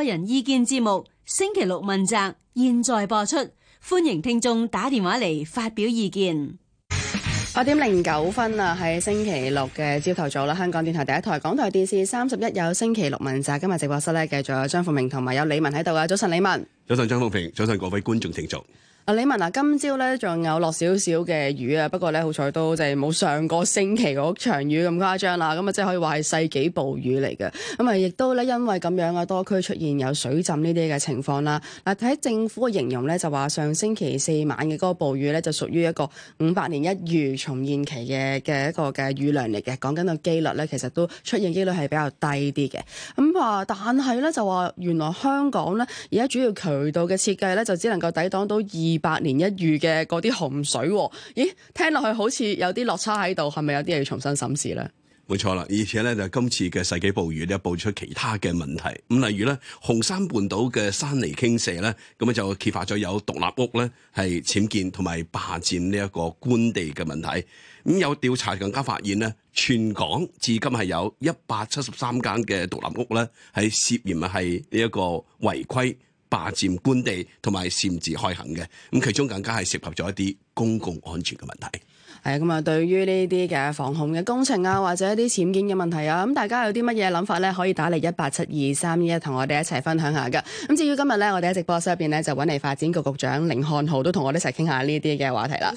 個人意見節目星期六問責，現在播出，歡迎聽眾打電話嚟發表意見。八點零九分啊，係星期六嘅朝頭早啦，香港電台第一台，港台電視三十一有星期六問責。今日直播室咧，繼續有張富明同埋有李文喺度呀。早晨，李文。早晨，張富平，早晨，各位觀眾聽眾。啊李文啊，今朝咧仲有落少少嘅雨啊，不過咧好彩都即係冇上個星期嗰場雨咁誇張啦，咁啊即係可以話係世紀暴雨嚟嘅，咁啊亦都咧因為咁樣嘅多區出現有水浸呢啲嘅情況啦。嗱、嗯，睇政府嘅形容咧就話上星期四晚嘅嗰個暴雨咧就屬於一個五百年一遇重現期嘅嘅一個嘅雨量嚟嘅，講緊個幾率咧其實都出現幾率係比較低啲嘅。咁、嗯、啊，但係咧就話原來香港咧而家主要渠道嘅設計咧就只能夠抵擋到二。二百年一遇嘅嗰啲洪水，咦？聽落去好似有啲落差喺度，係咪有啲嘢要重新審視咧？冇錯啦，而且咧就今次嘅世紀暴雨咧，爆出其他嘅問題。咁例如咧，紅山半島嘅山泥傾瀉咧，咁啊就揭發咗有獨立屋咧係僭建同埋霸佔呢一個官地嘅問題。咁有調查更加發現咧，全港至今係有一百七十三間嘅獨立屋咧係涉嫌啊，係呢一個違規。霸佔官地同埋擅自開行嘅，咁其中更加係涉及咗一啲公共安全嘅問題。係咁啊！對於呢啲嘅防控嘅工程啊，或者一啲僭建嘅問題啊，咁大家有啲乜嘢諗法咧？可以打嚟一八七二三一，同我哋一齊分享下噶。咁至於今日咧，我哋喺直播室入邊咧，就揾嚟發展局局長甯漢豪都同我哋一齊傾下呢啲嘅話題啦。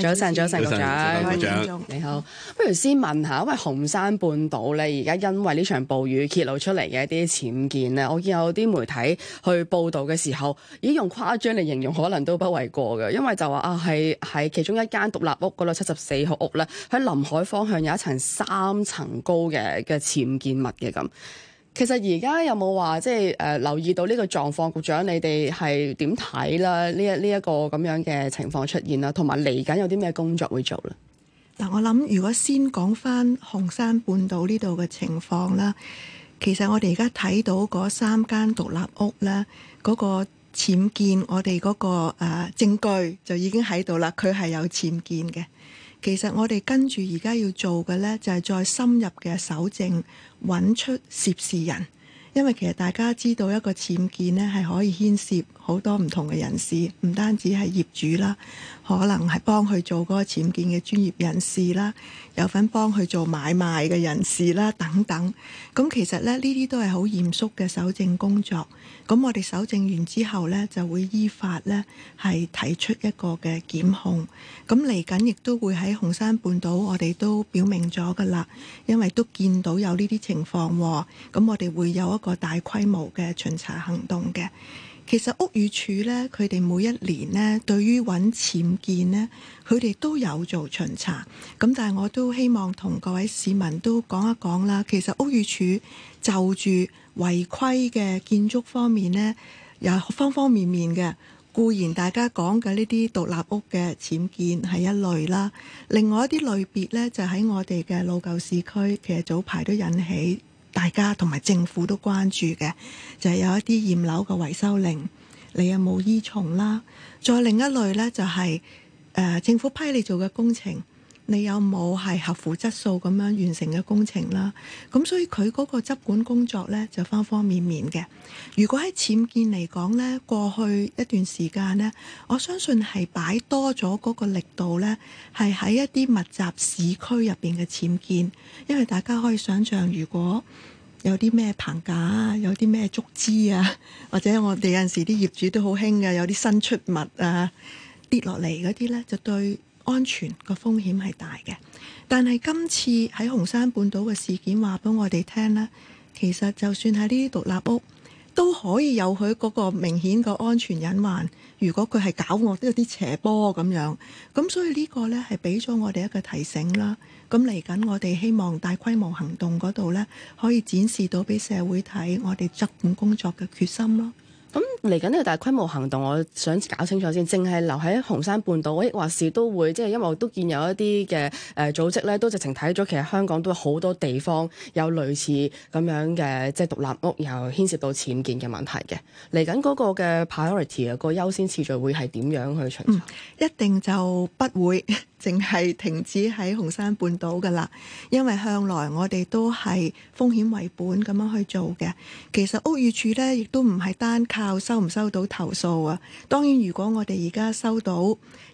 早晨，早晨，局長。你好，不如先問下，因為紅山半島咧，而家因為呢場暴雨揭露出嚟嘅一啲僭建咧，我見有啲媒體去報導嘅時候，已經用誇張嚟形容可能都不為過嘅，因為就話啊，係喺其中一間獨立屋度出。十四號屋咧，喺臨海方向有一層三層高嘅，嘅僭建物嘅，咁。其實而家有冇話即係誒留意到呢個狀況？局長，你哋係點睇啦？呢一呢一個咁樣嘅情況出現啦，同埋嚟緊有啲咩工作會做咧？嗱，我諗如果先講翻紅山半島呢度嘅情況啦，其實我哋而家睇到嗰三間獨立屋咧，嗰個僭建，我哋嗰個誒證據就已經喺度啦，佢係有僭建嘅。其實我哋跟住而家要做嘅咧，就係再深入嘅搜證，揾出涉事人，因為其實大家知道一個僭建咧，係可以牽涉好多唔同嘅人士，唔單止係業主啦，可能係幫佢做嗰個僭建嘅專業人士啦，有份幫佢做買賣嘅人士啦，等等。咁其實咧，呢啲都係好嚴肅嘅搜證工作。咁我哋搜證完之後咧，就會依法咧係提出一個嘅檢控。咁嚟緊亦都會喺紅山半島，我哋都表明咗噶啦，因為都見到有呢啲情況，咁我哋會有一個大規模嘅巡查行動嘅。其實屋宇署呢，佢哋每一年呢，對於揾僭建呢，佢哋都有做巡查。咁但係我都希望同各位市民都講一講啦。其實屋宇署就住違規嘅建築方面呢，有方方面面嘅。固然大家講嘅呢啲獨立屋嘅僭建係一類啦，另外一啲類別呢，就喺我哋嘅老舊市區，其實早排都引起。大家同埋政府都關注嘅，就係、是、有一啲驗樓嘅維修令，你有冇依從啦？再另一類咧、就是，就係誒政府批你做嘅工程。你有冇係合乎質素咁樣完成嘅工程啦？咁所以佢嗰個執管工作呢，就方方面面嘅。如果喺僭建嚟講呢，過去一段時間呢，我相信係擺多咗嗰個力度呢，係喺一啲密集市區入邊嘅僭建，因為大家可以想像，如果有啲咩棚架啊，有啲咩竹枝啊，或者我哋有陣時啲業主都好興嘅，有啲新出物啊跌落嚟嗰啲呢，就對。安全個風險係大嘅，但係今次喺紅山半島嘅事件話俾我哋聽咧，其實就算喺呢啲獨立屋都可以有佢嗰個明顯嘅安全隱患。如果佢係搞我有啲斜坡咁樣，咁所以呢個呢係俾咗我哋一個提醒啦。咁嚟緊我哋希望大規模行動嗰度呢，可以展示到俾社會睇我哋執管工作嘅決心咯。咁嚟緊呢個大規模行動，我想搞清楚先。淨係留喺紅山半島，誒，或是都會即係，因為我都見有一啲嘅誒組織咧，都直情睇咗。其實香港都有好多地方有類似咁樣嘅即係獨立屋，又牽涉到僭建嘅問題嘅。嚟緊嗰個嘅 priority 啊，個優先次序會係點樣去巡查，嗯，一定就不會淨係停止喺紅山半島㗎啦，因為向來我哋都係風險為本咁樣去做嘅。其實屋宇署呢，亦都唔係單靠收唔收到投訴啊。當然，如果我哋而家收到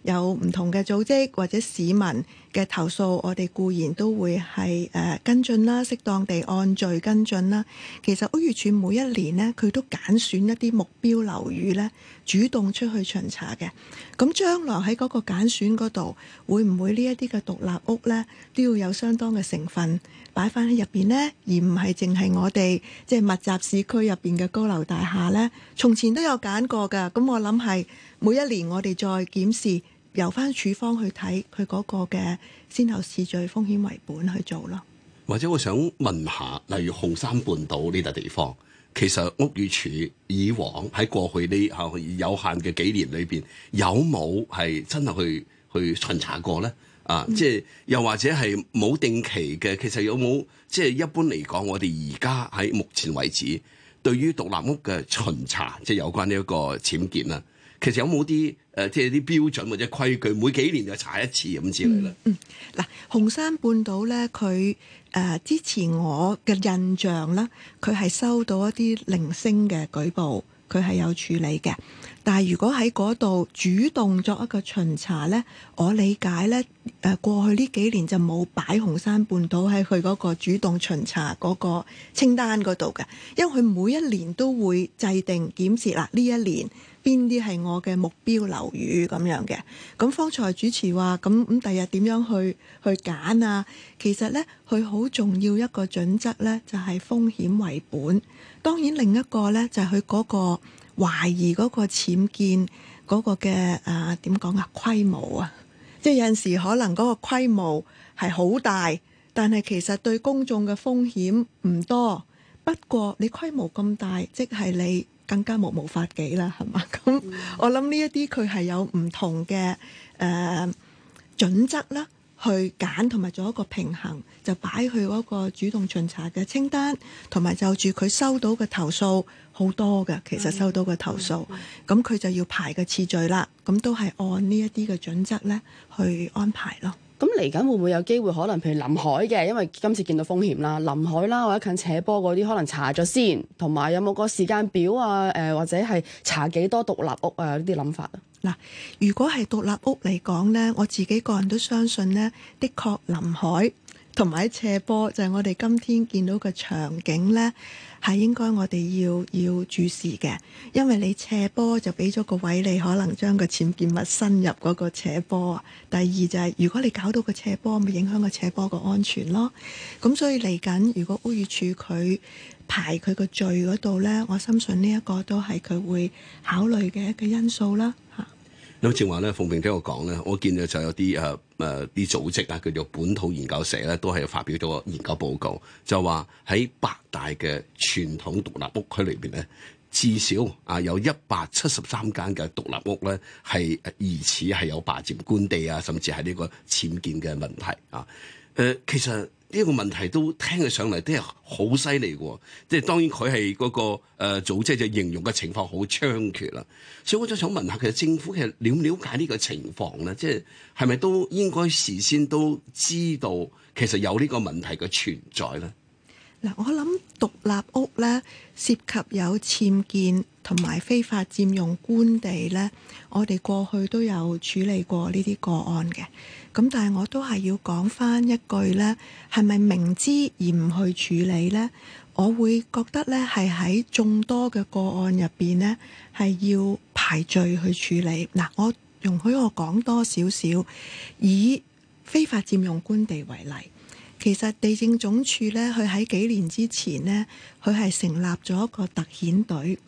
有唔同嘅組織或者市民嘅投訴，我哋固然都會係誒跟進啦，適當地按序跟進啦。其實屋宇署每一年呢，佢都揀選一啲目標樓宇呢，主動出去巡查嘅。咁將來喺嗰個揀選嗰度，會唔會呢一啲嘅獨立屋呢，都要有相當嘅成分擺返喺入邊呢，而唔係淨係我哋即係密集市區入邊嘅高樓大廈呢。從前都有揀過㗎，咁我諗係每一年我哋再檢視。由翻署方去睇佢嗰個嘅先後次序，風險為本去做咯。或者我想問下，例如紅山半島呢笪地方，其實屋宇署以往喺過去呢有限嘅幾年裏邊，有冇係真係去去巡查過咧？啊，即係又或者係冇定期嘅。其實有冇即係一般嚟講，我哋而家喺目前為止，對於獨立屋嘅巡查，即係有關呢一個僭建啊，其實有冇啲？誒，即係啲標準或者規矩，每幾年就查一次咁之類啦。嗯，嗱，紅山半島咧，佢誒、呃、之前我嘅印象啦，佢係收到一啲零星嘅舉報，佢係有處理嘅。但係如果喺嗰度主動作一個巡查咧，我理解咧，誒過去呢幾年就冇擺紅山半島喺佢嗰個主動巡查嗰個清單嗰度嘅，因為佢每一年都會制定檢視啦，呢一年。邊啲係我嘅目標樓宇咁樣嘅？咁方才主持話，咁咁第日點樣去去揀啊？其實呢，佢好重要一個準則呢，就係、是、風險為本。當然另一個呢，就係佢嗰個懷疑嗰個僭建嗰個嘅啊，點講啊，規模啊，模 即係有陣時可能嗰個規模係好大，但係其實對公眾嘅風險唔多。不過你規模咁大，即係你。更加目無法紀啦，係嘛？咁我諗呢一啲佢係有唔同嘅誒、呃、準則啦，去揀同埋做一個平衡，就擺去嗰個主動巡查嘅清單，同埋就住佢收到嘅投訴好多嘅，其實收到嘅投訴，咁佢的就要排個次序啦，咁都係按呢一啲嘅準則咧去安排咯。咁嚟緊會唔會有機會？可能譬如臨海嘅，因為今次見到風險啦，臨海啦或者近斜坡嗰啲，可能查咗先，同埋有冇個時間表啊？誒、呃、或者係查幾多獨立屋啊？呢啲諗法啊？嗱，如果係獨立屋嚟講呢，我自己個人都相信呢，的確臨海同埋斜坡，就係、是、我哋今天見到嘅場景呢。係應該我哋要要注視嘅，因為你斜坡就俾咗個位你，可能將個僭建物伸入嗰個斜坡。第二就係、是、如果你搞到個斜坡，咪影響個斜坡個安全咯。咁、嗯、所以嚟緊，如果屋宇署佢排佢個序嗰度呢，我相信呢一個都係佢會考慮嘅一個因素啦。咁即係話咧，鳳鳴聽我講咧，我見到就有啲誒誒啲組織啊，叫做本土研究社咧，都係發表咗個研究報告，就話喺八大嘅傳統獨立屋區裏邊咧，至少啊有一百七十三間嘅獨立屋咧係疑似係有霸佔官地啊，甚至係呢個僭建嘅問題啊。誒、呃，其實。呢個問題都聽起上嚟都係好犀利嘅，即係當然佢係嗰個誒、呃、組織就形容嘅情況好猖獗啦，所以我就想問下其實政府其實了唔了解呢個情況咧，即係係咪都應該事先都知道其實有呢個問題嘅存在咧？嗱，我諗獨立屋咧涉及有僭建同埋非法佔用官地咧，我哋過去都有處理過呢啲個案嘅。咁但係我都係要講翻一句呢，係咪明知而唔去處理呢？我會覺得呢，係喺眾多嘅個案入邊呢，係要排序去處理。嗱，我容許我講多少少，以非法佔用官地為例。其實地政總署咧，佢喺幾年之前呢，佢係成立咗一個特遣隊，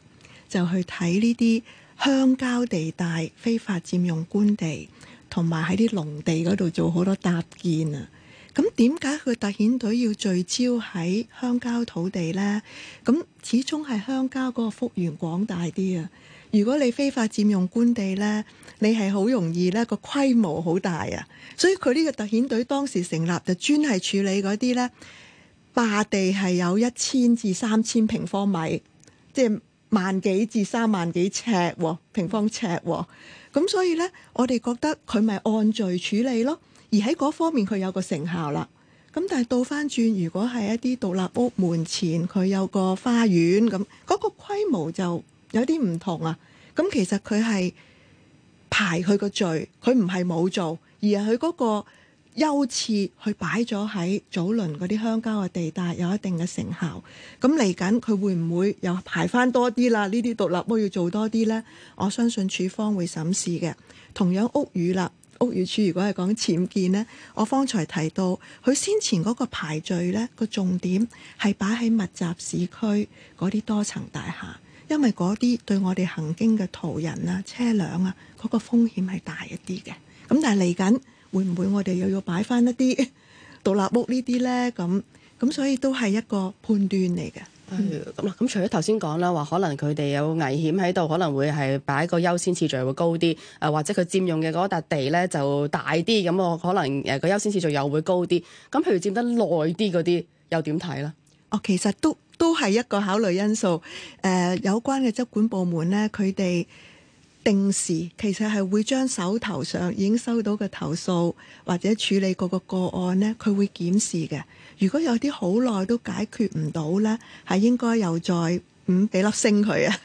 就去睇呢啲鄉郊地帶非法佔用官地，同埋喺啲農地嗰度做好多搭建啊。咁點解佢特遣隊要聚焦喺鄉郊土地呢？咁始終係鄉郊嗰個幅員廣大啲啊。如果你非法佔用官地呢，你係好容易呢個規模好大啊！所以佢呢個特遣隊當時成立就專係處理嗰啲咧霸地係有一千至三千平方米，即係萬幾至三萬幾尺平方尺。咁所以咧，我哋覺得佢咪按序處理咯。而喺嗰方面佢有個成效啦。咁但係倒翻轉，如果係一啲獨立屋門前佢有個花園，咁，嗰個規模就～有啲唔同啊，咁其實佢係排佢個序，佢唔係冇做，而係佢嗰個優次，去擺咗喺早輪嗰啲鄉郊嘅地帶有一定嘅成效。咁嚟緊佢會唔會又排翻多啲啦？呢啲獨立屋要做多啲咧？我相信署方會審視嘅。同樣屋宇啦，屋宇署如果係講僭建咧，我方才提到佢先前嗰個排序咧個重點係擺喺密集市區嗰啲多層大廈。因為嗰啲對我哋行經嘅途人啊、車輛啊，嗰、那個風險係大一啲嘅。咁但係嚟緊會唔會我哋又要擺返一啲獨立屋呢啲咧？咁咁所以都係一個判斷嚟嘅。咁、嗯哎、除咗頭先講啦，話可能佢哋有危險喺度，可能會係擺個優先次序會高啲。啊，或者佢佔用嘅嗰笪地咧就大啲，咁我可能誒個優先次序又會高啲。咁譬如佔得耐啲嗰啲又點睇咧？哦，其實都。都係一個考慮因素。誒、呃，有關嘅執管部門呢，佢哋定時其實係會將手頭上已經收到嘅投訴，或者處理過個個案呢，佢會檢視嘅。如果有啲好耐都解決唔到呢，係應該又再嗯俾粒聲佢啊？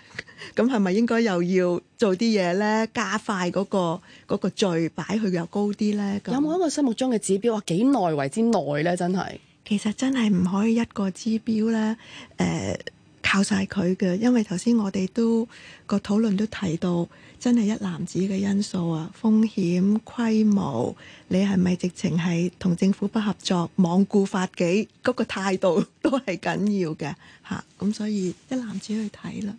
咁係咪應該又要做啲嘢呢？加快嗰、嗰個序擺、嗰個、去又高啲呢？有冇一個我心目中嘅指標啊？幾耐為之耐呢？真係。其實真係唔可以一個指標咧，誒、呃、靠晒佢嘅，因為頭先我哋都個討論都提到，真係一籃子嘅因素啊，風險、規模，你係咪直情係同政府不合作、罔顧法紀嗰、那個態度都係緊要嘅吓，咁、啊、所以一籃子去睇啦。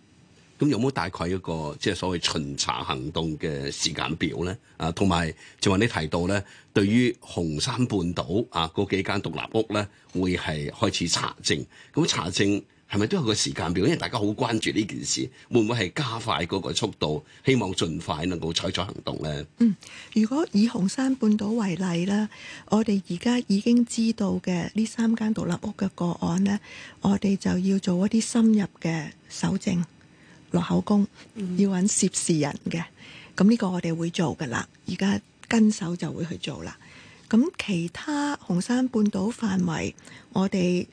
咁有冇大概一個即係所謂巡查行動嘅時間表呢？啊，同埋就話你提到呢，對於紅山半島啊嗰幾間獨立屋呢，會係開始查證。咁查證係咪都有個時間表？因為大家好關注呢件事，會唔會係加快嗰個速度？希望盡快能夠採取行動呢？嗯，如果以紅山半島為例咧，我哋而家已經知道嘅呢三間獨立屋嘅個案呢，我哋就要做一啲深入嘅搜證。落口供要揾涉事人嘅，咁呢個我哋會做㗎喇。而家跟手就會去做啦。咁其他紅山半島範圍，我哋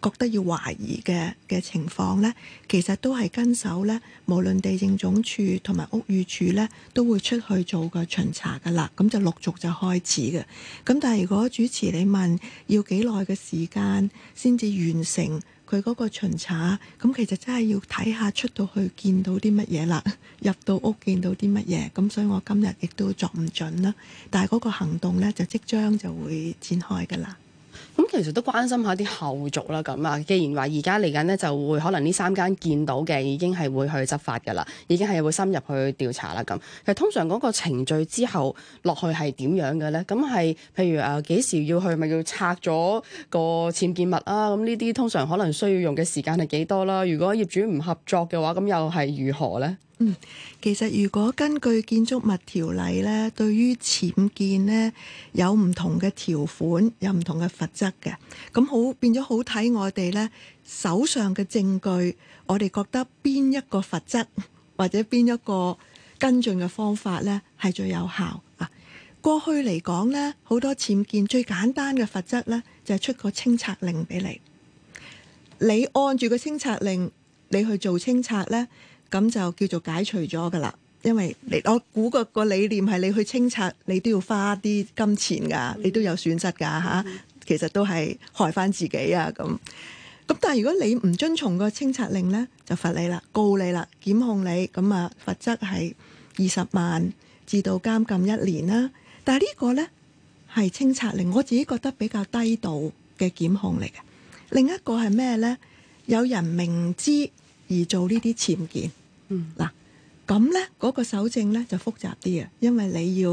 覺得要懷疑嘅嘅情況呢，其實都係跟手呢。無論地政總署同埋屋宇署呢，都會出去做個巡查㗎喇。咁就陸續就開始嘅。咁但係如果主持你問要幾耐嘅時間先至完成？佢嗰個巡查，咁其實真係要睇下出到去見到啲乜嘢啦，入到屋見到啲乜嘢，咁所以我今日亦都作唔準啦。但係嗰個行動呢，就即將就會展開噶啦。咁其實都關心下啲後續啦，咁啊，既然話而家嚟緊咧就會可能呢三間見到嘅已經係會去執法㗎啦，已經係會深入去調查啦。咁其實通常嗰個程序之後落去係點樣嘅咧？咁係譬如誒幾時要去咪、就是、要拆咗個僭建物啊？咁呢啲通常可能需要用嘅時間係幾多啦？如果業主唔合作嘅話，咁又係如何咧？嗯，其實如果根據建築物條例咧，對於僭建咧有唔同嘅條款，有唔同嘅罰則嘅，咁好變咗好睇我哋咧手上嘅證據，我哋覺得邊一個罰則或者邊一個跟進嘅方法咧係最有效啊。過去嚟講咧，好多僭建最簡單嘅罰則咧就係出個清拆令俾你，你按住個清拆令你去做清拆咧。咁就叫做解除咗噶啦，因為你我估個個理念係你去清拆，你都要花啲金錢噶，你都有損失噶吓，其實都係害翻自己啊咁。咁但係如果你唔遵從個清拆令呢，就罰你啦，告你啦，檢控你，咁啊罰則係二十萬至到監禁一年啦。但係呢個呢，係清拆令，我自己覺得比較低度嘅檢控嚟嘅。另一個係咩呢？有人明知而做呢啲僭建。嗱，咁咧嗰個手證咧就複雜啲啊，因為你要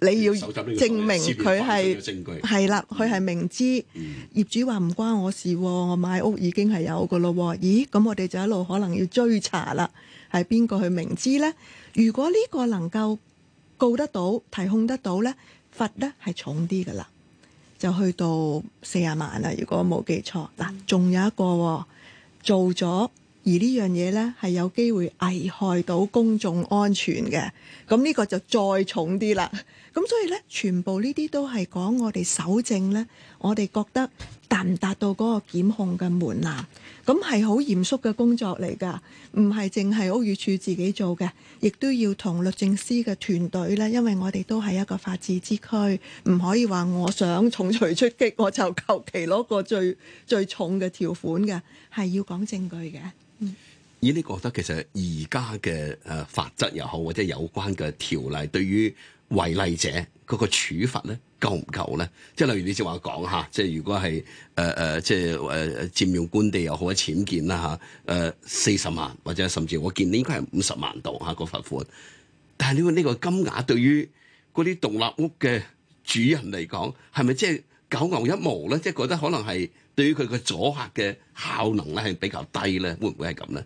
你要證明佢係係啦，佢係的、嗯、明知、嗯、業主話唔關我事，我買屋已經係有噶咯，咦？咁我哋就一路可能要追查啦，係邊個去明知咧？如果呢個能夠告得到、提控得到咧，罰咧係重啲噶啦，就去到四十萬啦。如果冇記錯，嗱，仲有一個做咗。而呢樣嘢呢，係有機會危害到公眾安全嘅，咁、這、呢個就再重啲啦。咁所以呢，全部呢啲都係講我哋搜證呢，我哋覺得達唔達到嗰個檢控嘅門檻，咁係好嚴肅嘅工作嚟噶唔係淨係屋宇署自己做嘅，亦都要同律政司嘅團隊呢，因為我哋都係一個法治之區，唔可以話我想重錘出擊，我就求其攞個最最重嘅條款嘅，係要講證據嘅。嗯、以你覺得其實而家嘅誒法則又好，或者有關嘅條例，對於違例者嗰個處罰咧，夠唔夠咧？即係例如你直話講嚇，即係如果係誒誒，即係誒佔用官地又好啊，僭建啦嚇，誒四十萬或者甚至我見你應該係五十萬度嚇個罰款，但係你話呢個金額對於嗰啲獨立屋嘅主人嚟講，係咪即係九牛一毛咧？即係覺得可能係。對於佢嘅阻嚇嘅效能咧，係比較低咧，會唔會係咁呢？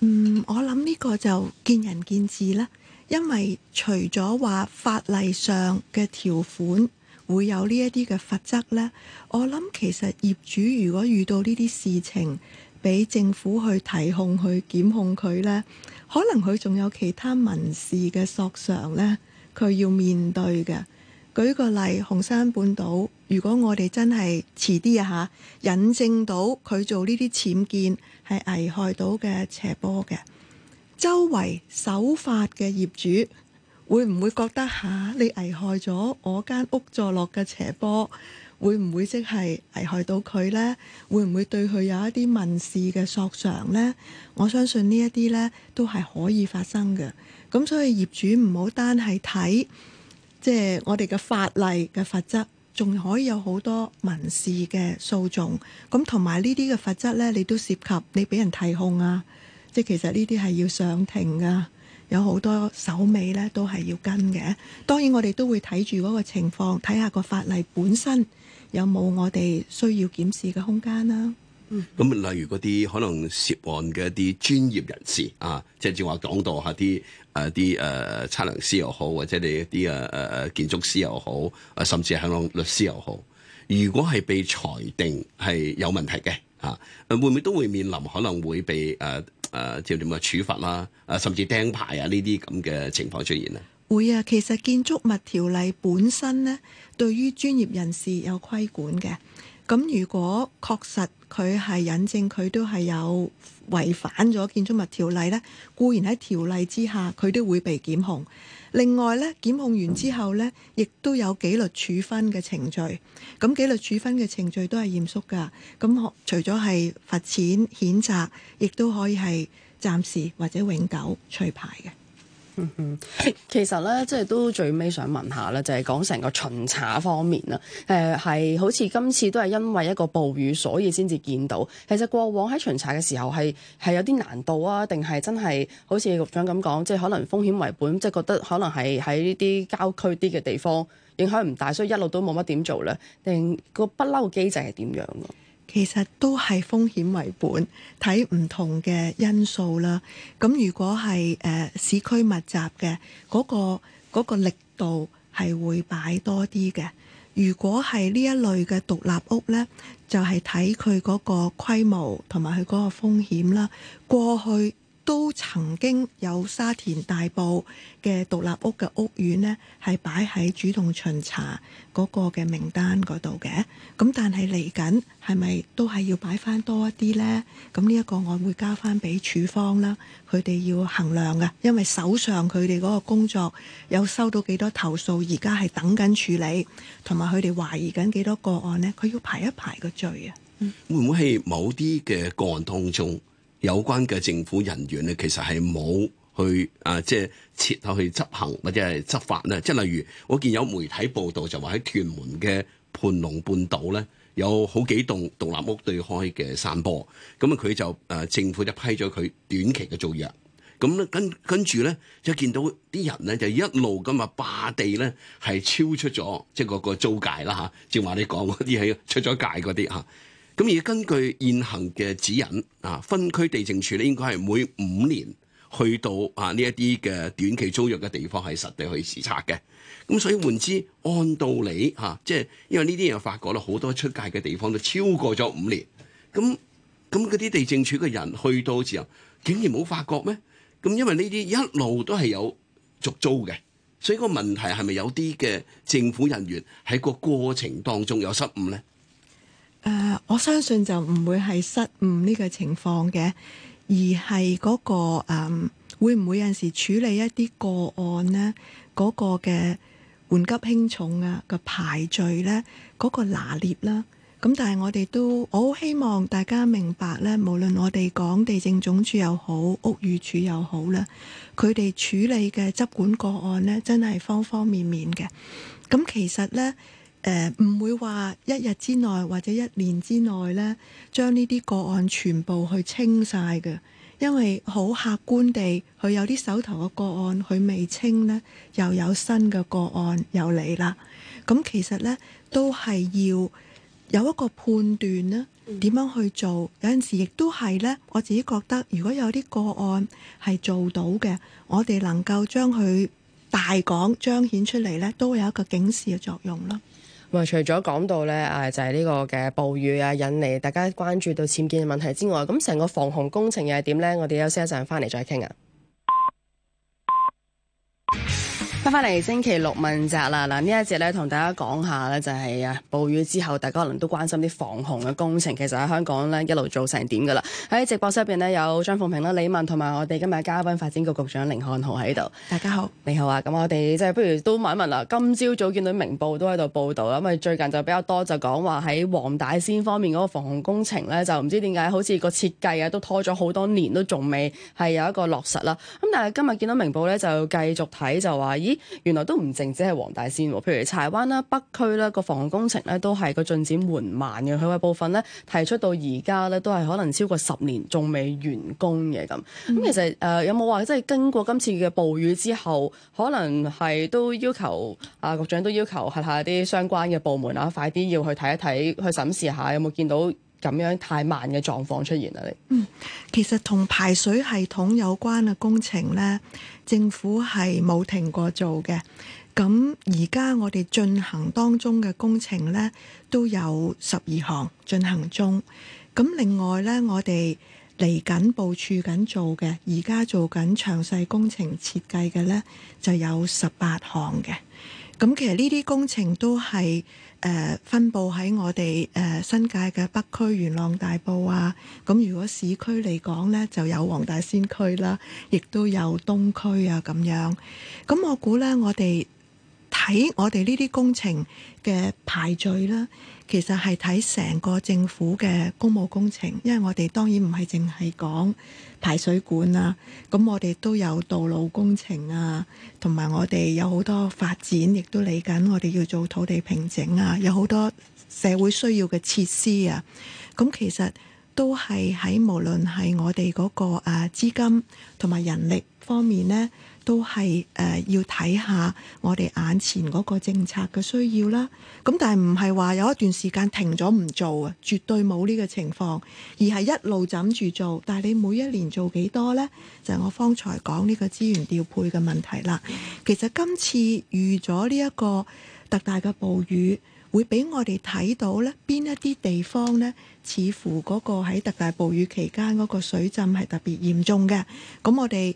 嗯，我諗呢個就見仁見智啦。因為除咗話法例上嘅條款會有呢一啲嘅罰則呢，我諗其實業主如果遇到呢啲事情，俾政府去提控去檢控佢呢，可能佢仲有其他民事嘅索償呢，佢要面對嘅。舉個例，紅山半島，如果我哋真係遲啲啊嚇引證到佢做呢啲僭建係危害到嘅斜坡嘅，周圍守法嘅業主會唔會覺得嚇、啊、你危害咗我間屋坐落嘅斜坡？會唔會即係危害到佢呢？會唔會對佢有一啲民事嘅索償呢？我相信呢一啲呢都係可以發生嘅。咁所以業主唔好單係睇。即係我哋嘅法例嘅罰則，仲可以有好多民事嘅訴訟，咁同埋呢啲嘅罰則呢，你都涉及你俾人提控啊！即係其實呢啲係要上庭噶，有好多手尾呢都係要跟嘅。當然我哋都會睇住嗰個情況，睇下個法例本身有冇我哋需要檢視嘅空間啦、啊。咁、嗯、例如嗰啲可能涉案嘅一啲專業人士啊，即係正話講到下啲誒啲誒測量師又好，或者你一啲誒誒建築師又好，甚至係當律師又好，如果係被裁定係有問題嘅啊，會唔會都會面臨可能會被誒誒即係點嘅處罰啦，誒、啊、甚至釘牌啊呢啲咁嘅情況出現咧？會啊，其實建築物條例本身咧，對於專業人士有規管嘅。咁如果確實佢係引證佢都係有違反咗建築物條例呢，固然喺條例之下佢都會被檢控。另外呢，檢控完之後呢，亦都有紀律處分嘅程序。咁紀律處分嘅程序都係嚴肅噶。咁除咗係罰錢、譴責，亦都可以係暫時或者永久除牌嘅。嗯，其實咧，即係都最尾想問下咧，就係講成個巡查方面啦。誒、呃，係好似今次都係因為一個暴雨，所以先至見到。其實過往喺巡查嘅時候係係有啲難度啊？定係真係好似你局長咁講，即係可能風險為本，即係覺得可能係喺呢啲郊區啲嘅地方影響唔大，所以一路都冇乜點做咧。定個不嬲機制係點樣？其實都係風險為本，睇唔同嘅因素啦。咁如果係誒、呃、市區密集嘅嗰個嗰個力度係會擺多啲嘅。如果係呢一類嘅獨立屋呢，就係睇佢嗰個規模同埋佢嗰個風險啦。過去，都曾經有沙田大埔嘅獨立屋嘅屋苑呢，係擺喺主動巡查嗰個嘅名單嗰度嘅。咁但係嚟緊係咪都係要擺翻多一啲呢？咁呢一個我會交翻俾處方啦，佢哋要衡量嘅，因為手上佢哋嗰個工作有收到幾多投訴，而家係等緊處理，同埋佢哋懷疑緊幾多個案呢，佢要排一排個序啊。嗯、會唔會係某啲嘅個案當中，有關嘅政府人員咧，其實係冇去啊，即係設下去執行或者係執法咧。即係例如，我見有媒體報道就話喺屯門嘅蟠龍半島咧，有好幾棟獨立屋對開嘅山坡，咁啊佢就誒政府就批咗佢短期嘅租約，咁咧跟跟住咧就係見到啲人咧就一路咁啊霸地咧，係超出咗即係嗰個租界啦吓，正話你講嗰啲係出咗界嗰啲嚇。啊咁而根據現行嘅指引，啊，分區地政處咧應該係每五年去到啊呢一啲嘅短期租約嘅地方，係實地去視察嘅。咁所以換之，按道理嚇，即係因為呢啲人發覺啦，好多出界嘅地方都超過咗五年。咁咁嗰啲地政處嘅人去到時候，竟然冇發覺咩？咁因為呢啲一路都係有續租嘅，所以個問題係咪有啲嘅政府人員喺個過程當中有失誤咧？Uh, 我相信就唔會係失誤呢個情況嘅，而係嗰個誒、嗯，會唔會有陣時處理一啲個案咧？嗰個嘅緩急輕重啊，嗰個排序咧，嗰個拿捏啦、啊。咁但係我哋都，我好希望大家明白咧，無論我哋講地政總署又好，屋宇署又好啦，佢哋處理嘅執管個案咧，真係方方面面嘅。咁其實咧。誒唔、呃、會話一日之內或者一年之內呢，將呢啲個案全部去清晒嘅，因為好客觀地，佢有啲手頭嘅個案佢未清呢，又有新嘅個案又嚟啦。咁、嗯嗯、其實呢，都係要有一個判斷呢，點樣去做。有陣時亦都係呢，我自己覺得，如果有啲個案係做到嘅，我哋能夠將佢大講彰顯出嚟呢，都有一個警示嘅作用咯。除咗講到呢，就係、是、呢個暴雨啊，引嚟大家關注到僭建嘅問題之外，咁成個防洪工程又係點呢？我哋休息一陣，翻嚟再傾啊！翻，翻嚟星期六問責啦，嗱呢一節咧同大家講下咧就係啊暴雨之後，大家可能都關心啲防洪嘅工程，其實喺香港咧一路做成點噶啦。喺直播室入邊呢，有張鳳平啦、李文同埋我哋今日嘉賓發展局局長甯漢豪喺度。大家好，你好啊，咁我哋即係不如都問一問啦。今朝早見到明報都喺度報道，因為最近就比較多就講話喺黃大仙方面嗰個防洪工程咧，就唔知點解好似個設計啊都拖咗好多年，都仲未係有一個落實啦。咁但係今日見到明報咧就繼續睇就話咦，原來都唔淨止係黃大仙喎，譬如柴灣啦、北區啦個防洪工程咧，都係個進展緩慢嘅，佢有部分咧提出到而家咧都係可能超過十年仲未完工嘅咁。咁、嗯、其實誒、呃、有冇話即係經過今次嘅暴雨之後，可能係都要求啊，局長都要求轄下啲相關嘅部門啊，快啲要去睇一睇，去審視下有冇見到咁樣太慢嘅狀況出現啦！你。嗯，其實同排水系統有關嘅工程呢，政府係冇停過做嘅。咁而家我哋進行當中嘅工程呢，都有十二項進行中。咁另外呢，我哋嚟緊部署緊做嘅，而家做緊詳細工程設計嘅呢，就有十八項嘅。咁其實呢啲工程都係誒、呃、分佈喺我哋誒、呃、新界嘅北區、元朗、大埔啊，咁如果市區嚟講呢，就有黃大仙區啦，亦都有東區啊咁樣。咁我估呢，我哋睇我哋呢啲工程嘅排序啦。其實係睇成個政府嘅公務工程，因為我哋當然唔係淨係講排水管啊，咁我哋都有道路工程啊，同埋我哋有好多發展，亦都理緊我哋要做土地平整啊，有好多社會需要嘅設施啊，咁其實都係喺無論係我哋嗰個誒資金同埋人力方面呢。都係誒、呃、要睇下我哋眼前嗰個政策嘅需要啦。咁但係唔係話有一段時間停咗唔做啊？絕對冇呢個情況，而係一路枕住做。但係你每一年做幾多呢？就係、是、我方才講呢個資源調配嘅問題啦。其實今次遇咗呢一個特大嘅暴雨，會俾我哋睇到呢邊一啲地方呢，似乎嗰個喺特大暴雨期間嗰個水浸係特別嚴重嘅。咁我哋。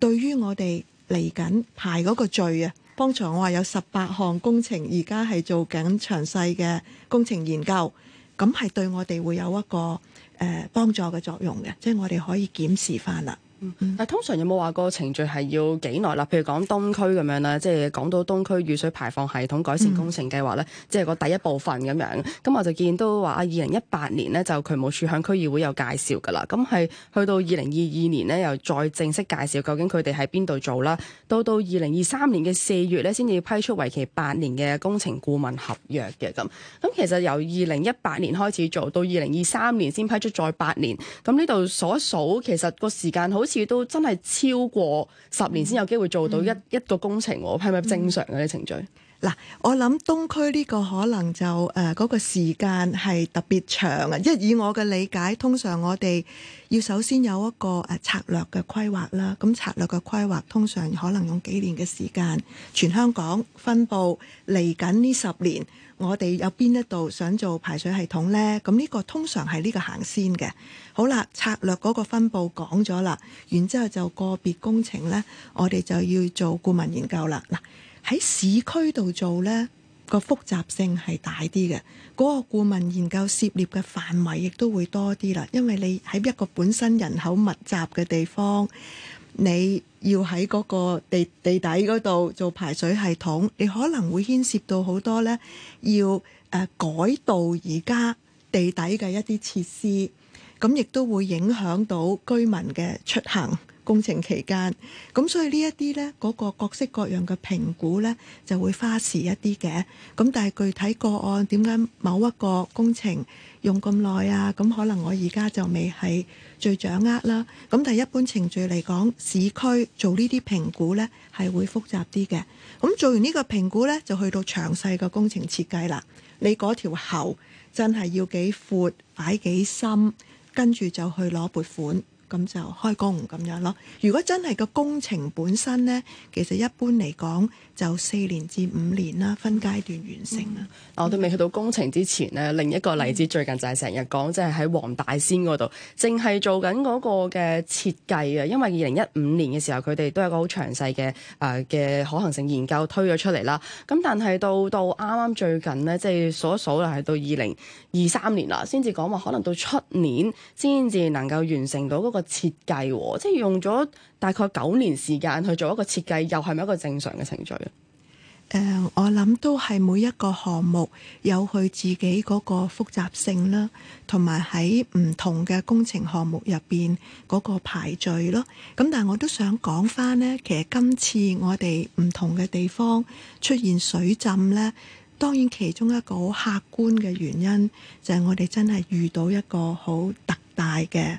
對於我哋嚟緊排嗰個序啊，剛才我話有十八項工程，而家係做緊詳細嘅工程研究，咁係對我哋會有一個誒、呃、幫助嘅作用嘅，即係我哋可以檢視返啦。Mm hmm. 但通常有冇話個程序係要幾耐啦？譬如講東區咁樣啦，即係講到東區雨水排放系統改善工程計劃咧，mm hmm. 即係個第一部分咁樣。咁我就見到話，啊，二零一八年咧就渠務署向區議會有介紹噶啦。咁係去到二零二二年咧，又再正式介紹究竟佢哋喺邊度做啦。到到二零二三年嘅四月咧，先至批出為期八年嘅工程顧問合約嘅咁。咁其實由二零一八年開始做到二零二三年先批出再八年。咁呢度數一數其實個時間好。次都真係超過十年先有機會做到一、嗯、一個工程，哦，係咪正常嘅啲、嗯、程序？嗱，我諗東區呢個可能就誒嗰、呃嗰個時間係特別長啊！一以我嘅理解，通常我哋要首先有一個誒、呃、策略嘅規劃啦。咁策略嘅規劃通常可能用幾年嘅時間，全香港分佈嚟緊呢十年。我哋有邊一度想做排水系統呢？咁、這、呢個通常係呢個行先嘅。好啦，策略嗰個分佈講咗啦，然之後就個別工程呢，我哋就要做顧問研究啦。嗱，喺市區度做呢，個複雜性係大啲嘅，嗰個顧問研究涉獵嘅範圍亦都會多啲啦，因為你喺一個本身人口密集嘅地方。你要喺嗰地地底度做排水系統，你可能會牽涉到好多咧，要誒改道而家地底嘅一啲設施，咁亦都會影響到居民嘅出行。工程期間，咁所以呢一啲呢，嗰個各式各樣嘅評估呢，就會花時一啲嘅。咁但係具體個案點解某一個工程用咁耐啊？咁可能我而家就未係最掌握啦。咁但係一般程序嚟講，市區做呢啲評估呢，係會複雜啲嘅。咁做完呢個評估呢，就去到詳細嘅工程設計啦。你嗰條喉真係要幾闊，擺幾深，跟住就去攞撥款。咁就開工咁樣咯。如果真係個工程本身咧，其實一般嚟講就四年至五年啦，分階段完成啦，嗯。我都未去到工程之前咧，嗯、另一個例子最近就係成日講，即係喺黃大仙嗰度，淨係做緊嗰個嘅設計啊。因為二零一五年嘅時候，佢哋都有個好詳細嘅誒嘅可行性研究推咗出嚟啦。咁但係到到啱啱最近咧，即係數一數啦，係、就係、到二零二三年啦，先至講話可能到出年先至能夠完成到嗰、嗰個。個設計即係用咗大概九年時間去做一個設計，又係咪一個正常嘅程序？誒，我諗都係每一個項目有佢自己嗰個複雜性啦，同埋喺唔同嘅工程項目入邊嗰個排序咯。咁、嗯、但係我都想講翻呢，其實今次我哋唔同嘅地方出現水浸呢，當然其中一個好客觀嘅原因就係、是、我哋真係遇到一個好特大嘅。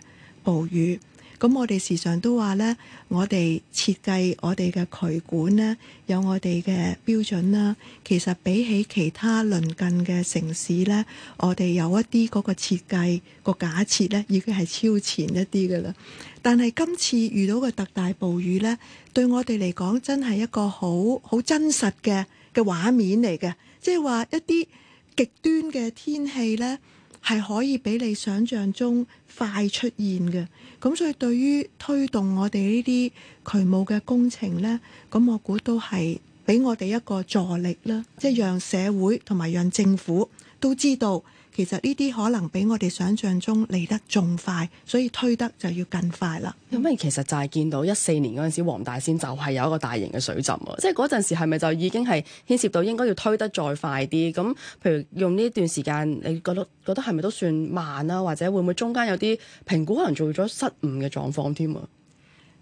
暴雨，咁我哋時常都話呢，我哋設計我哋嘅渠管呢，有我哋嘅標準啦。其實比起其他鄰近嘅城市呢，我哋有一啲嗰個設計個假設呢已經係超前一啲㗎喇。但係今次遇到嘅特大暴雨呢，對我哋嚟講真係一個好好真實嘅嘅畫面嚟嘅，即係話一啲極端嘅天氣呢。係可以比你想象中快出現嘅，咁所以對於推動我哋呢啲渠務嘅工程呢，咁我估都係俾我哋一個助力啦，即係讓社會同埋讓政府都知道。其實呢啲可能比我哋想象中嚟得仲快，所以推得就要更快啦。咁樣，嗯、其實就係見到一四年嗰陣時，黃大仙就係有一個大型嘅水浸啊，即係嗰陣時係咪就已經係牽涉到應該要推得再快啲？咁譬如用呢段時間，你覺得覺得係咪都算慢啊？或者會唔會中間有啲評估可能做咗失誤嘅狀況添啊？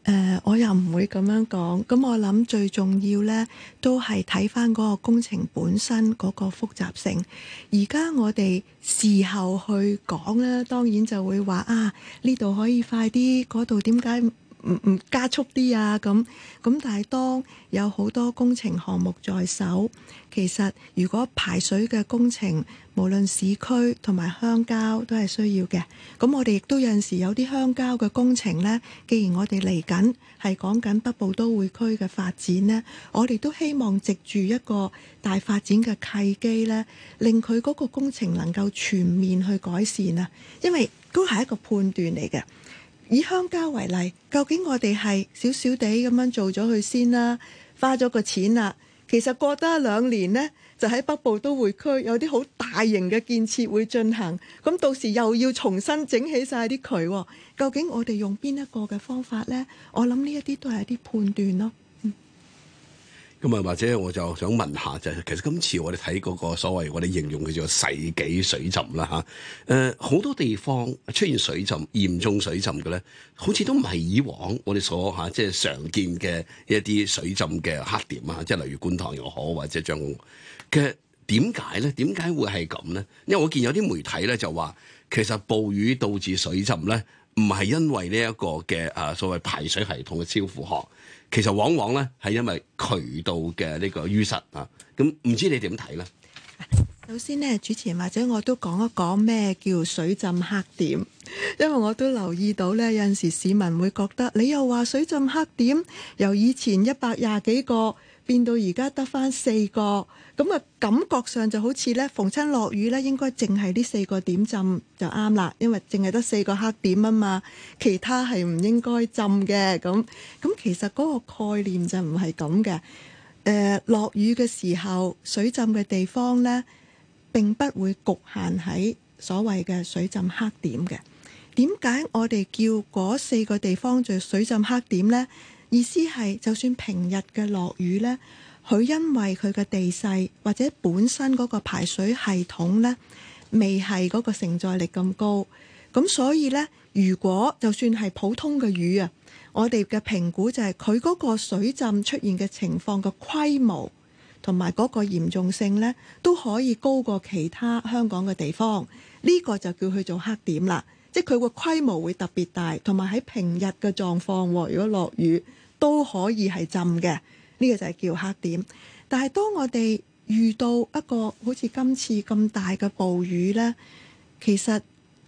呃，我又唔會咁樣講。咁我諗最重要呢都係睇返嗰個工程本身嗰個複雜性。而家我哋事後去講呢，當然就會話啊，呢度可以快啲，嗰度點解？唔加速啲啊！咁咁，但係當有好多工程項目在手，其實如果排水嘅工程，無論市區同埋鄉郊都係需要嘅。咁我哋亦都有陣時有啲鄉郊嘅工程呢。既然我哋嚟緊係講緊北部都會區嘅發展呢，我哋都希望藉住一個大發展嘅契機呢，令佢嗰個工程能夠全面去改善啊！因為都係一個判斷嚟嘅。以鄉郊為例，究竟我哋係少少地咁樣做咗佢先啦，花咗個錢啦，其實過多兩年呢，就喺北部都會區有啲好大型嘅建設會進行，咁到時又要重新整起晒啲渠喎。究竟我哋用邊一個嘅方法呢？我諗呢一啲都係一啲判斷咯。咁啊，或者我就想問下就係，其實今次我哋睇嗰個所謂我哋形容叫做世紀水浸啦吓，誒好多地方出現水浸，嚴重水浸嘅咧，好似都唔係以往我哋所吓即係常見嘅一啲水浸嘅黑點啊，即係、啊、例如觀塘又好或者將嘅點解咧？點解會係咁咧？因為我見有啲媒體咧就話其實暴雨導致水浸咧，唔係因為呢一個嘅啊所謂排水系統嘅超負荷。其實往往咧係因為渠道嘅呢個淤塞啊，咁唔知你點睇咧？首先呢，主持人或者我都講一講咩叫水浸黑點，因為我都留意到咧，有陣時市民會覺得你又話水浸黑點，由以前一百廿幾個，變到而家得返四個，咁啊感覺上就好似呢，逢親落雨咧，應該淨係呢四個點浸就啱啦，因為淨係得四個黑點啊嘛，其他係唔應該浸嘅。咁咁其實嗰個概念就唔係咁嘅。誒、呃，落雨嘅時候，水浸嘅地方呢並不會局限喺所謂嘅水浸黑點嘅。點解我哋叫嗰四個地方做水浸黑點呢？意思係，就算平日嘅落雨呢，佢因為佢嘅地勢或者本身嗰個排水系統呢未係嗰個承載力咁高，咁所以呢，如果就算係普通嘅雨啊，我哋嘅評估就係佢嗰個水浸出現嘅情況嘅規模同埋嗰個嚴重性呢都可以高過其他香港嘅地方，呢個就叫佢做黑點啦。即佢個規模會特別大，同埋喺平日嘅狀況，如果落雨都可以係浸嘅。呢個就係叫黑點。但係當我哋遇到一個好似今次咁大嘅暴雨咧，其實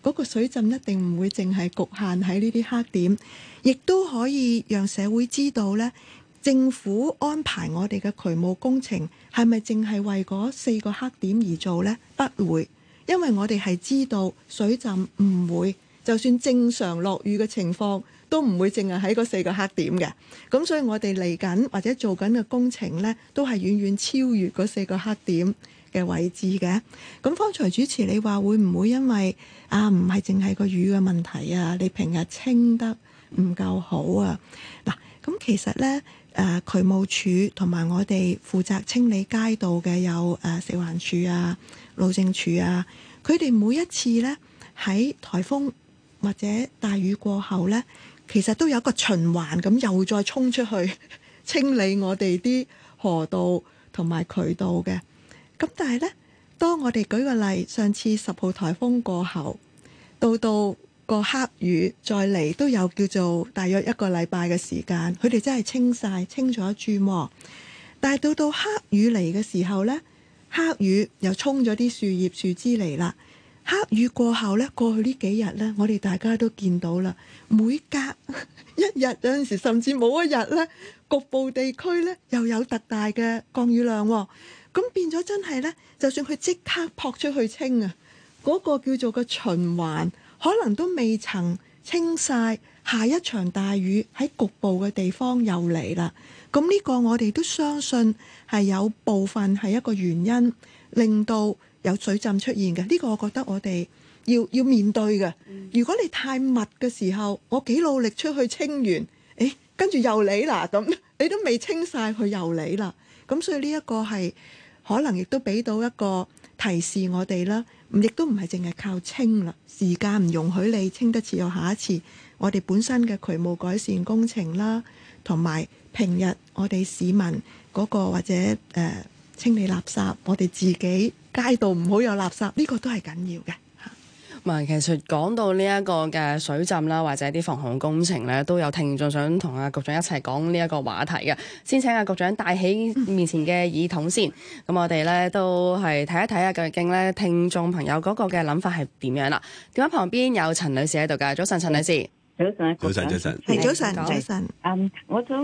嗰個水浸一定唔會淨係局限喺呢啲黑點，亦都可以讓社會知道咧，政府安排我哋嘅渠務工程係咪淨係為嗰四個黑點而做咧？不會。因為我哋係知道水浸唔會，就算正常落雨嘅情況都唔會淨係喺嗰四個黑點嘅。咁所以我哋嚟緊或者做緊嘅工程呢，都係遠遠超越嗰四個黑點嘅位置嘅。咁方才主持你話會唔會因為啊唔係淨係個雨嘅問題啊？你平日清得唔夠好啊？嗱、啊，咁其實呢，誒、啊、渠務署同埋我哋負責清理街道嘅有誒食、啊、環署啊。路政署啊，佢哋每一次呢，喺台風或者大雨過後呢，其實都有一個循環咁，又再衝出去清理我哋啲河道同埋渠道嘅。咁但係呢，當我哋舉個例，上次十號台風過後，到到個黑雨再嚟，都有叫做大約一個禮拜嘅時間，佢哋真係清晒、清咗一轉喎。但係到到黑雨嚟嘅時候呢。黑雨又沖咗啲樹葉樹枝嚟啦，黑雨過後呢，過去呢幾日呢，我哋大家都見到啦，每隔 一日有陣時甚至冇一日呢，局部地區呢又有特大嘅降雨量，咁變咗真係呢，就算佢即刻撲出去清啊，嗰、嗰個叫做個循環可能都未曾清晒。下一場大雨喺局部嘅地方又嚟啦。咁呢個我哋都相信係有部分係一個原因，令到有水浸出現嘅。呢個我覺得我哋要要面對嘅。如果你太密嘅時候，我幾努力出去清完，誒、跟住又嚟啦咁，你都未清晒，佢又嚟啦。咁、嗯、所以呢一個係可能亦都俾到一個提示我哋啦，亦都唔係淨係靠清啦。時間唔容許你清得切有下一次，我哋本身嘅渠務改善工程啦，同埋。平日我哋市民嗰個或者誒、呃、清理垃圾，我哋自己街道唔好有垃圾，呢、呢個都係緊要嘅嚇。唔係，其實講到呢一個嘅水浸啦，或者啲防洪工程咧，都有聽眾想同阿局長一齊講呢一個話題嘅。先請阿局長戴起面前嘅耳筒先。咁、嗯、我哋咧都係睇一睇下究竟咧，聽眾朋友嗰個嘅諗法係點樣啦？電話旁邊有陳女士喺度㗎。早晨，陳女士。早晨，早晨，早晨，早晨。嗯，我早。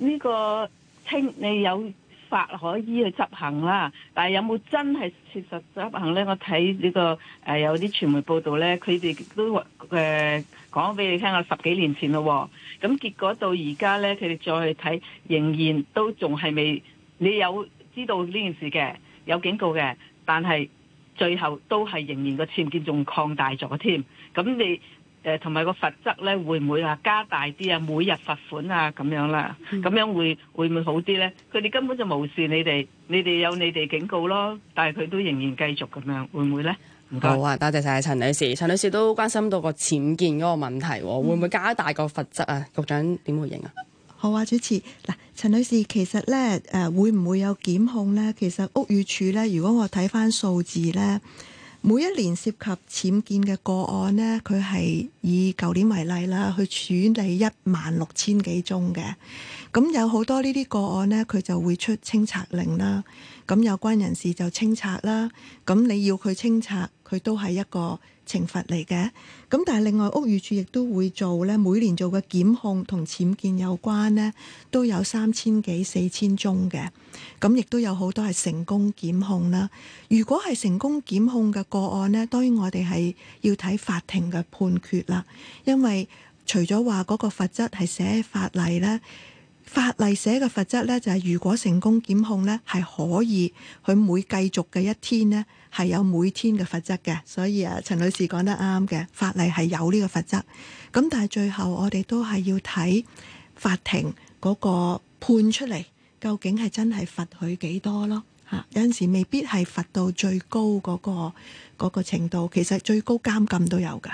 呢個清你有法可依去執行啦，但係有冇真係切實執行呢？我睇呢、這個誒、呃、有啲傳媒報道呢，佢哋都誒講俾你聽，我十幾年前咯喎、哦，咁、嗯、結果到而家呢，佢哋再去睇仍然都仲係未，你有知道呢件事嘅有警告嘅，但係最後都係仍然個僭建仲擴大咗添，咁、嗯、你。誒同埋個罰則咧，會唔會啊加大啲啊？每日罰款啊，咁樣啦，咁樣會會唔會好啲咧？佢哋根本就無視你哋，你哋有你哋警告咯，但係佢都仍然繼續咁樣，會唔會咧？唔該。好啊，多謝晒。陳女士。陳女士都關心到個僭建嗰個問題喎，會唔會加大個罰則啊？嗯、局長點會應啊？好啊，主持嗱、呃，陳女士其實咧誒、呃，會唔會有檢控咧？其實屋宇署咧，如果我睇翻數字咧。每一年涉及僭建嘅個案，呢佢係以舊年為例啦，去處理一萬六千幾宗嘅，咁有好多呢啲個案，呢佢就會出清拆令啦。咁有關人士就清拆啦，咁你要佢清拆，佢都係一個懲罰嚟嘅。咁但係另外屋宇署亦都會做呢。每年做嘅檢控同僭建有關呢，都有三千幾四千宗嘅。咁亦都有好多係成功檢控啦。如果係成功檢控嘅個案呢，當然我哋係要睇法庭嘅判決啦，因為除咗話嗰個罰則係寫法例呢。法例寫嘅罰則呢，就係如果成功檢控呢，係可以佢每繼續嘅一天呢，係有每天嘅罰則嘅。所以啊，陳女士講得啱嘅，法例係有呢個罰則。咁但係最後我哋都係要睇法庭嗰個判出嚟，究竟係真係罰佢幾多咯？嚇，有陣時未必係罰到最高嗰個嗰個程度，其實最高監禁都有噶。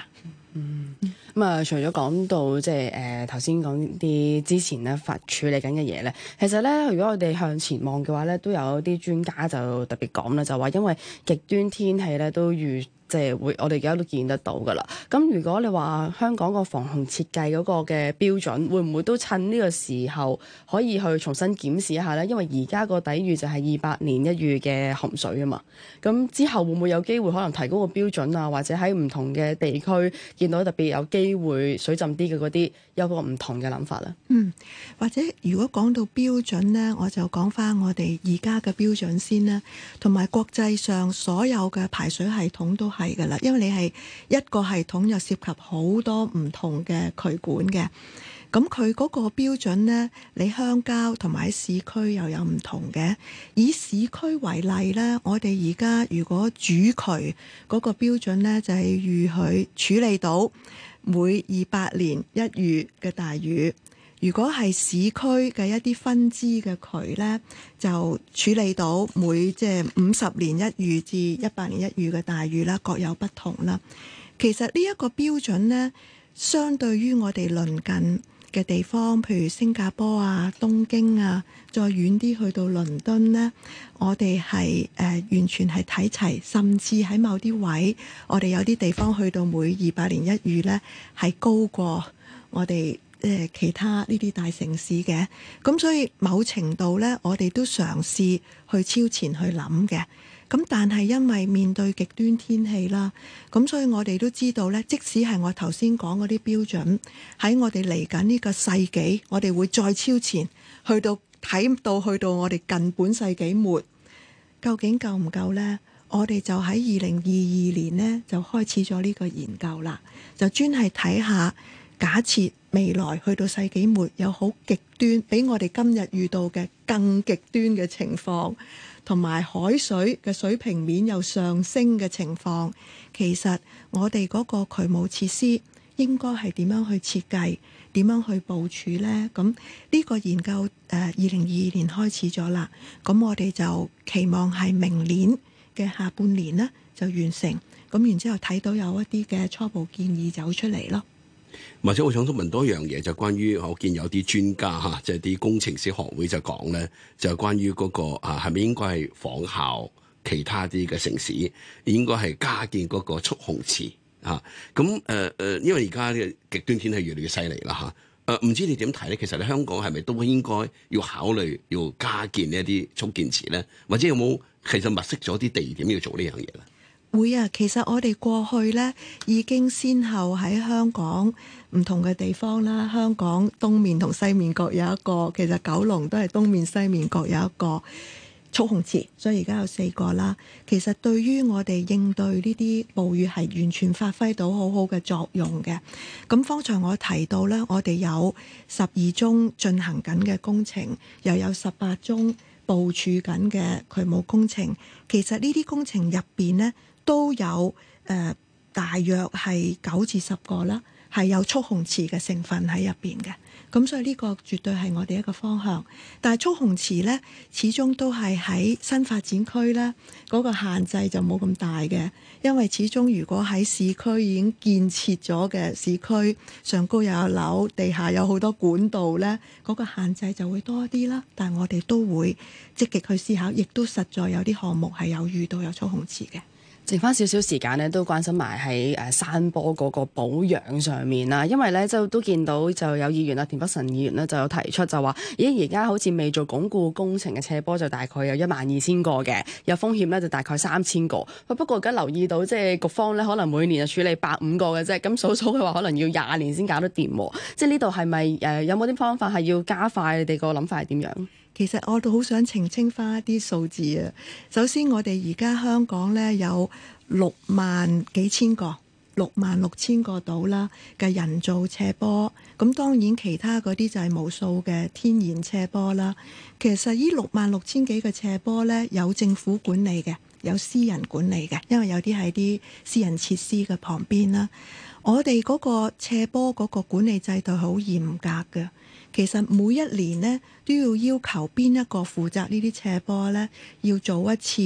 嗯，咁啊， 嗯、除咗講到即係誒頭先講啲之前咧發處理緊嘅嘢咧，其實咧如果我哋向前望嘅話咧，都有啲專家就特別講啦，就話因為極端天氣咧都預。即係會，我哋而家都見得到噶啦。咁如果你話香港個防洪設計嗰個嘅標準，會唔會都趁呢個時候可以去重新檢視一下咧？因為而家個抵禦就係二百年一遇嘅洪水啊嘛。咁之後會唔會有機會可能提高個標準啊？或者喺唔同嘅地區見到特別有機會水浸啲嘅嗰啲，有個唔同嘅諗法咧。嗯，或者如果講到標準咧，我就講翻我哋而家嘅標準先啦，同埋國際上所有嘅排水系統都。係噶啦，因為你係一個系統又涉及好多唔同嘅渠管嘅，咁佢嗰個標準呢，你鄉郊同埋市區又有唔同嘅。以市區為例呢，我哋而家如果主渠嗰個標準呢，就係預佢處理到每二百年一遇嘅大雨。如果係市區嘅一啲分支嘅渠呢，就處理到每即係五十年一遇至一百年一遇嘅大雨啦，各有不同啦。其實呢一個標準呢，相對於我哋鄰近嘅地方，譬如新加坡啊、東京啊，再遠啲去到倫敦呢，我哋係誒完全係睇齊，甚至喺某啲位，我哋有啲地方去到每二百年一遇呢，係高過我哋。誒其他呢啲大城市嘅。咁所以某程度咧，我哋都嘗試去超前去諗嘅。咁但係因為面對極端天氣啦，咁所以我哋都知道咧，即使係我頭先講嗰啲標準喺我哋嚟緊呢個世紀，我哋會再超前去到睇到去到我哋近本世紀末，究竟夠唔夠咧？我哋就喺二零二二年咧就開始咗呢個研究啦，就專係睇下假設。未來去到世紀末有好極端，比我哋今日遇到嘅更極端嘅情況，同埋海水嘅水平面又上升嘅情況，其實我哋嗰個渠務設施應該係點樣去設計、點樣去部署呢？咁呢個研究誒二零二二年開始咗啦，咁我哋就期望係明年嘅下半年呢就完成，咁然之後睇到有一啲嘅初步建議走出嚟咯。或者我想都問多一樣嘢，就關於我見有啲專家嚇，即係啲工程師學會就講咧，就關於嗰個啊，係咪應該係仿效其他啲嘅城市，應該係加建嗰個蓄洪池啊？咁誒誒，因為而家嘅極端天氣越嚟越犀利啦嚇，誒、啊、唔知你點睇咧？其實你香港係咪都應該要考慮要加建一啲蓄洪池咧？或者有冇其實物色咗啲地點要做呢樣嘢咧？會啊！其實我哋過去呢已經先後喺香港唔同嘅地方啦，香港東面同西面各有一個，其實九龍都係東面西面各有一個蓄洪池，所以而家有四個啦。其實對於我哋應對呢啲暴雨係完全發揮到好好嘅作用嘅。咁方才我提到呢，我哋有十二宗進行緊嘅工程，又有十八宗部署緊嘅渠務工程。其實呢啲工程入邊呢，都有誒、呃，大約係九至十個啦，係有蓄洪池嘅成分喺入邊嘅。咁所以呢個絕對係我哋一個方向。但係蓄洪池咧，始終都係喺新發展區咧，嗰、那個限制就冇咁大嘅。因為始終如果喺市區已經建設咗嘅市區，上高又有樓，地下有好多管道咧，嗰、那個限制就會多啲啦。但係我哋都會積極去思考，亦都實在有啲項目係有遇到有蓄洪池嘅。剩翻少少時間咧，都關心埋喺誒山坡嗰個保養上面啦。因為咧，就都見到就有議員呀，田北辰議員咧就有提出就話：，咦，而家好似未做鞏固工程嘅斜坡就大概有一萬二千個嘅，有風險咧就大概三千個。不過而家留意到，即係局方咧可能每年就處理百五個嘅啫。咁數數佢話可能要廿年先搞得掂。即係呢度係咪誒有冇啲方法係要加快，你哋個諗法係點樣？其實我都好想澄清翻一啲數字啊！首先，我哋而家香港呢，有六萬幾千個六萬六千個島啦嘅人造斜坡，咁當然其他嗰啲就係無數嘅天然斜坡啦。其實呢六萬六千幾個斜坡呢，有政府管理嘅，有私人管理嘅，因為有啲喺啲私人設施嘅旁邊啦。我哋嗰個斜坡嗰個管理制度好嚴格嘅。其實每一年呢都要要求邊一個負責呢啲斜坡呢要做一次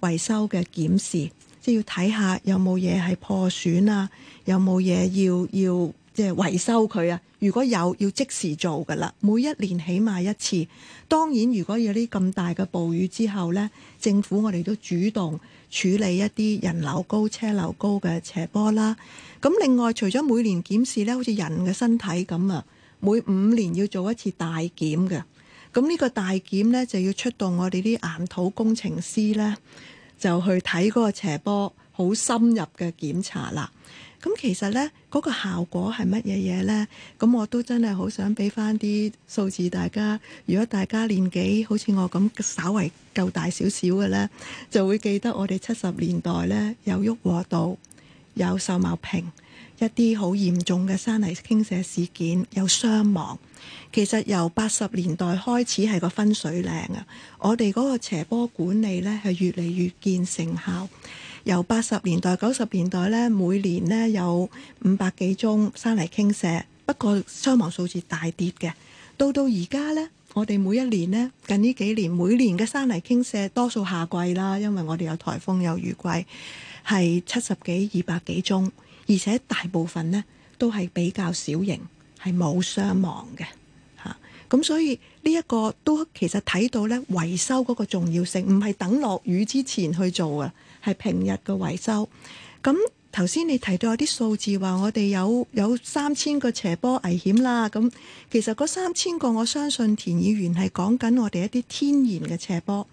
維修嘅檢視，即係要睇下有冇嘢係破損啊，有冇嘢要要即係維修佢啊。如果有，要即時做㗎喇。每一年起碼一次。當然，如果有啲咁大嘅暴雨之後呢，政府我哋都主動處理一啲人流高、車流高嘅斜坡啦。咁另外，除咗每年檢視呢，好似人嘅身體咁啊。每五年要做一次大檢嘅，咁呢個大檢呢，就要出動我哋啲岩土工程師呢，就去睇嗰個斜坡好深入嘅檢查啦。咁其實呢，嗰個效果係乜嘢嘢呢？咁我都真係好想俾翻啲數字大家。如果大家年紀好似我咁稍為夠大少少嘅呢，就會記得我哋七十年代呢，有旭龢道，有秀茂坪。一啲好嚴重嘅山泥傾瀉事件，有傷亡，其實由八十年代開始係個分水嶺啊！我哋嗰個斜坡管理呢，係越嚟越見成效。由八十年代、九十年代呢，每年呢有五百幾宗山泥傾瀉，不過傷亡數字大跌嘅。到到而家呢，我哋每一年呢，近呢幾年，每年嘅山泥傾瀉多數夏季啦，因為我哋有颱風、有雨季。係七十幾、二百幾宗，而且大部分咧都係比較小型，係冇傷亡嘅嚇。咁、啊、所以呢、這、一個都其實睇到呢，維修嗰個重要性，唔係等落雨之前去做啊，係平日嘅維修。咁頭先你提到有啲數字話，我哋有有三千個斜坡危險啦。咁、啊、其實嗰三千個，我相信田議員係講緊我哋一啲天然嘅斜坡。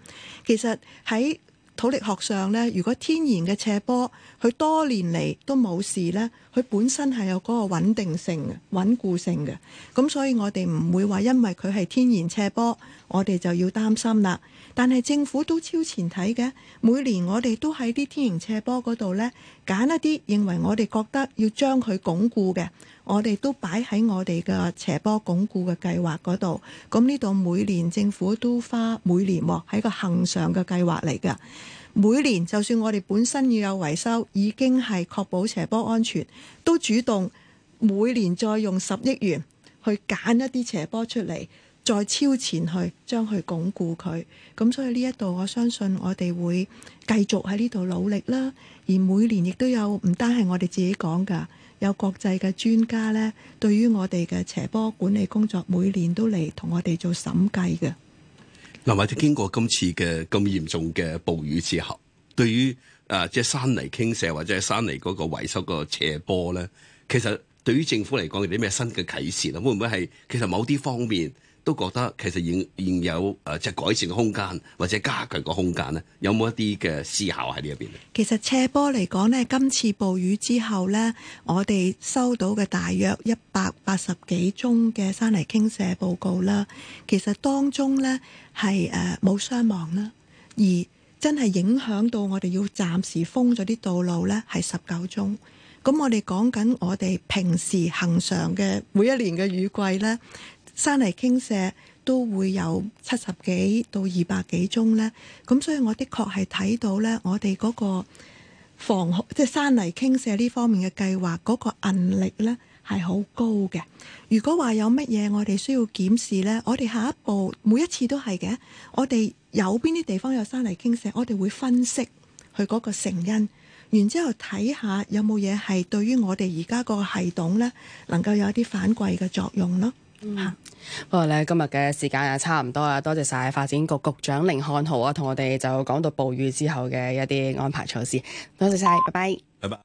其實喺土力學上呢，如果天然嘅斜坡，佢多年嚟都冇事呢，佢本身係有嗰個穩定性嘅、穩固性嘅，咁所以我哋唔會話因為佢係天然斜坡，我哋就要擔心啦。但係政府都超前睇嘅，每年我哋都喺啲天然斜坡嗰度呢，揀一啲認為我哋覺得要將佢鞏固嘅，我哋都擺喺我哋嘅斜坡鞏固嘅計劃嗰度。咁呢度每年政府都花每年喎，係個恆常嘅計劃嚟㗎。每年就算我哋本身要有維修，已經係確保斜坡安全，都主動每年再用十億元去揀一啲斜坡出嚟。再超前去，將去鞏固佢咁，所以呢一度我相信我哋會繼續喺呢度努力啦。而每年亦都有唔單係我哋自己講㗎，有國際嘅專家咧，對於我哋嘅斜坡管理工作每年都嚟同我哋做審計嘅。嗱、呃，或者經過今次嘅咁嚴重嘅暴雨之後，對於誒即係山泥傾瀉或者係山泥嗰個維修個斜坡咧，其實對於政府嚟講有啲咩新嘅啟示啊？會唔會係其實某啲方面？都覺得其實仍現有誒即係改善嘅空間，或者加強嘅空間咧，有冇一啲嘅思考喺呢一邊？其實斜坡嚟講呢，今次暴雨之後呢，我哋收到嘅大約一百八十幾宗嘅山泥傾瀉報告啦。其實當中呢係誒冇傷亡啦，而真係影響到我哋要暫時封咗啲道路呢係十九宗。咁我哋講緊我哋平時行常嘅每一年嘅雨季呢。山泥傾瀉都會有七十幾到二百幾宗呢。咁所以我的確係睇到呢，我哋嗰個防即係山泥傾瀉呢方面嘅計劃嗰個韌力呢係好高嘅。如果話有乜嘢我哋需要檢視呢，我哋下一步每一次都係嘅。我哋有邊啲地方有山泥傾瀉，我哋會分析佢嗰個成因，然之後睇下有冇嘢係對於我哋而家個系統呢，能夠有一啲反饋嘅作用咯。嗯嗯，不過咧，今日嘅時間也差唔多啦，多謝晒發展局局長甯漢豪啊，同我哋就講到暴雨之後嘅一啲安排措施。多謝晒，拜拜。拜拜。